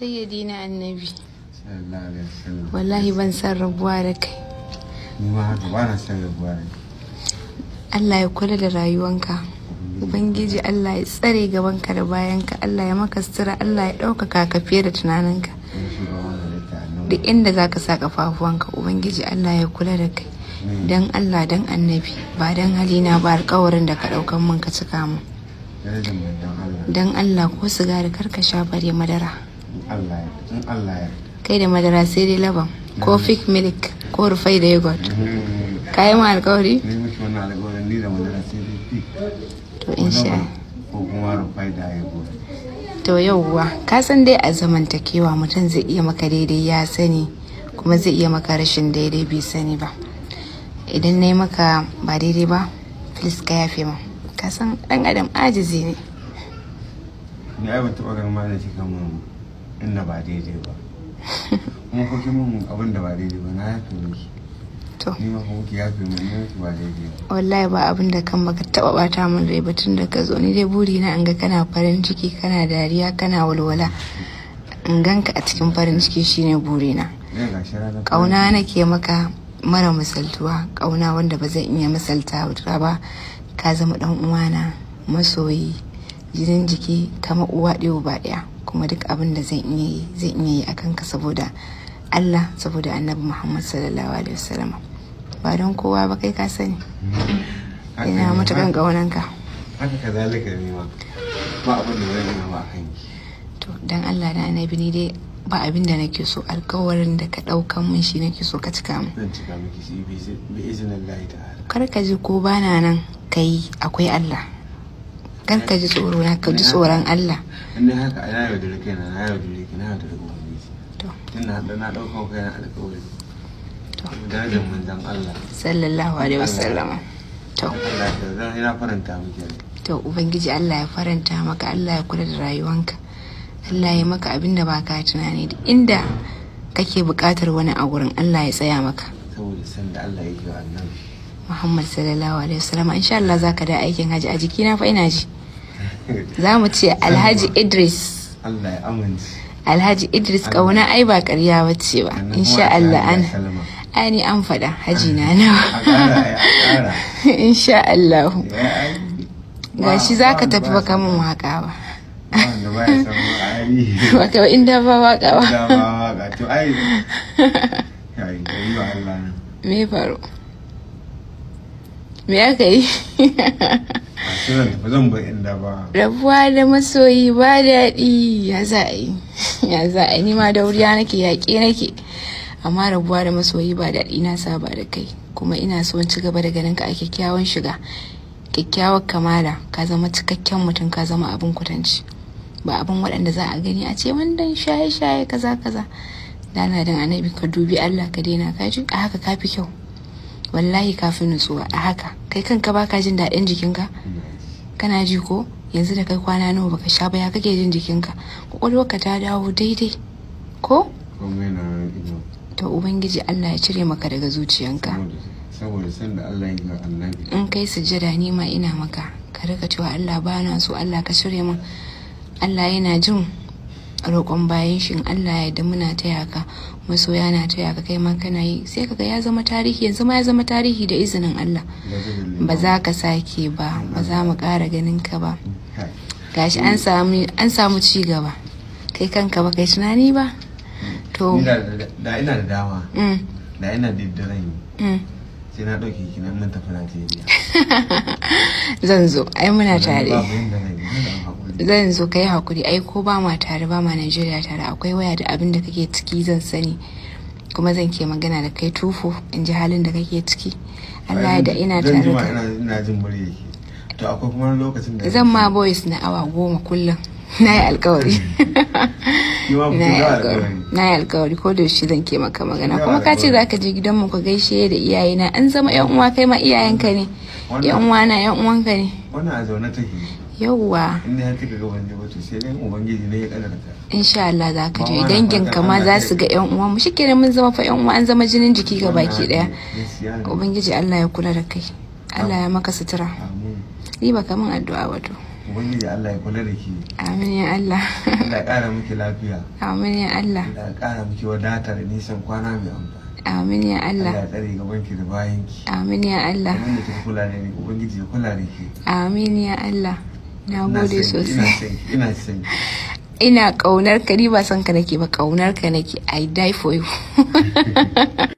sayyadi na annabi wallahi ban san rabuwa da kai Allah ya kula da rayuwanka ubangiji Allah ya tsare gabanka da bayanka Allah ya maka sutura Allah ya ɗaukaka ka fiye da tunaninka duk inda za ka sa kafafuwanka ubangiji Allah ya kula da kai don Allah don annabi ba don halina ba alkawarin da ka ɗaukan mun ka cika mu Dan Allah ko sigari kar ka sha bare madara kai da madara sai dai laban ko fig milk ko rufai da yogurt ka yi ma alkawari? ne miki wani alkawari ni da madara sai dai fig to sha ko kuma rufai da yogurt to yauwa ka san dai a zamantakewa mutum zai iya maka daidai ya sani kuma zai iya maka rashin daidai bai sani ba idan na yi maka ba daidai ba filis ka yafe ma ka san dan adam ajizi ne ni ai ban taba ganin ma da kika mun inda ba daidai ba kuma ko mun abin da ba daidai ba na yafe shi to ni ma kuma ki yafe mun ne ba daidai ba wallahi ba abin da kan baka taba bata min rai ba tun da ka zo ni dai buri na an ga kana farin ciki kana dariya kana walwala in ganka a cikin farin ciki shine buri na kauna nake maka mara misaltuwa kauna wanda ba zan iya misalta ba ka zama dan uwana masoyi jinin jiki kama uwa ɗaya ba ɗaya kuma duk abin da zan iya yi zan iya yi akan ka saboda Allah saboda annabi Muhammad sallallahu alaihi wasallam ba don kowa ba kai ka sani ina matukan kaunan ka haka kazalika ne ma ba abin da zan yi ba ki to dan Allah da annabi ni dai ba abin da nake so alkawarin da ka ɗaukan min shi nake so ka cika min. Zan cika miki shi bi izinin Allah ta'ala. Kar ka ji ko bana nan kai akwai Allah. kanka ka ji tsoro na ka ji tsoron Allah in dai haka ya yi da rike na yi da rike na yau da rike to ina da na dauka kai na alƙawari to darajar manzon Allah sallallahu alaihi wasallama to Allah ya zan ina faranta miki to ubangiji Allah ya faranta maka Allah ya kula da rayuwanka Allah ya maka abin da baka tunani duk inda kake buƙatar wani a gurin Allah ya tsaya maka saboda san da Allah ya yi wa annabi Muhammad sallallahu alaihi wasallam insha Allah zaka da aikin haji a jikina fa ina ji za mu ce alhaji idris alhaji idris kauna ai ba karya wacce ba insha allah an ani an faɗa haji na nawa insha allah gashi za ka tafi baka mun waka ba waka ba inda ba waka ba me faru me aka yi rabuwa da masoyi ba daɗi ya za a yi ya za a yi ni ma dauriya nake yaƙe nake amma rabuwa da masoyi ba daɗi na saba da kai kuma ina so in ci gaba da ganin ka a kyakkyawan shiga kyakkyawar kamala ka zama cikakken mutum ka zama abin kutanci ba abin waɗanda za a gani a ce wannan shaye-shaye kaza kaza da na dan annabi ka dubi Allah ka daina kaji a haka ka kyau wallahi kafin nutsuwa a haka kai kanka baka jin daɗin jikinka mm. kana ji ko yanzu da kai kwana nawa baka sha ba ya kake jin jikinka ka ta dawo daidai ko to ubangiji Allah ya cire maka daga zuciyanka in kai sujjada ni ma ina maka ka rika cewa Allah bana so Allah ka cire min Allah yana jin roƙon bayan shin Allah ya da muna taya ka masoya na taya ka kai ma kana yi sai kaga ya zama tarihi yanzu ma ya zama tarihi da izinin Allah ba za ka sake ba ba za mu ƙara ganin ka ba gashi an samu an samu ci gaba kai kanka ba kai tunani ba to da ina da dama mm. da ina da dare, mm. sai na dauke ki nan mun tafi Najeriya zan zo ai muna tare zan zo kai hakuri ai ko ba ma tare ba ma Najeriya tare akwai waya da abin da kake ciki zan sani kuma zan ke magana da kai tufu in ji halin da kake ciki Allah da ina tare da ina jin murya to akwai kuma lokacin da zan ma boys na awa goma kullum na yi alkawari na yi alkawari ko da shi zan ke maka magana kuma ka ce za ka je gidanmu ka gaishe da iyayena an zama yan uwa kai ma iyayenka ne yan uwa na yan uwanka ne wannan a zaune yawwa inda ta ga wanda wato sai ubangiji ne ya kadarta insha Allah za ka je dangin ka ma za su ga yan uwa mu shikenan mun zama fa yan uwa an zama jinin jiki ga baki daya ubangiji Allah ya kula da kai Allah ya maka sutura yi ba kaman addu'a wato ubangiji Allah ya kula da ke amin ya Allah Allah ya kara lafiya amin ya Allah amin ya Allah ki da bayan ki amin ya Allah amin ya kula amin ya Allah na gode sosai ina son ina kaunar ka ni ba son ka nake ba kaunar ka nake i die for you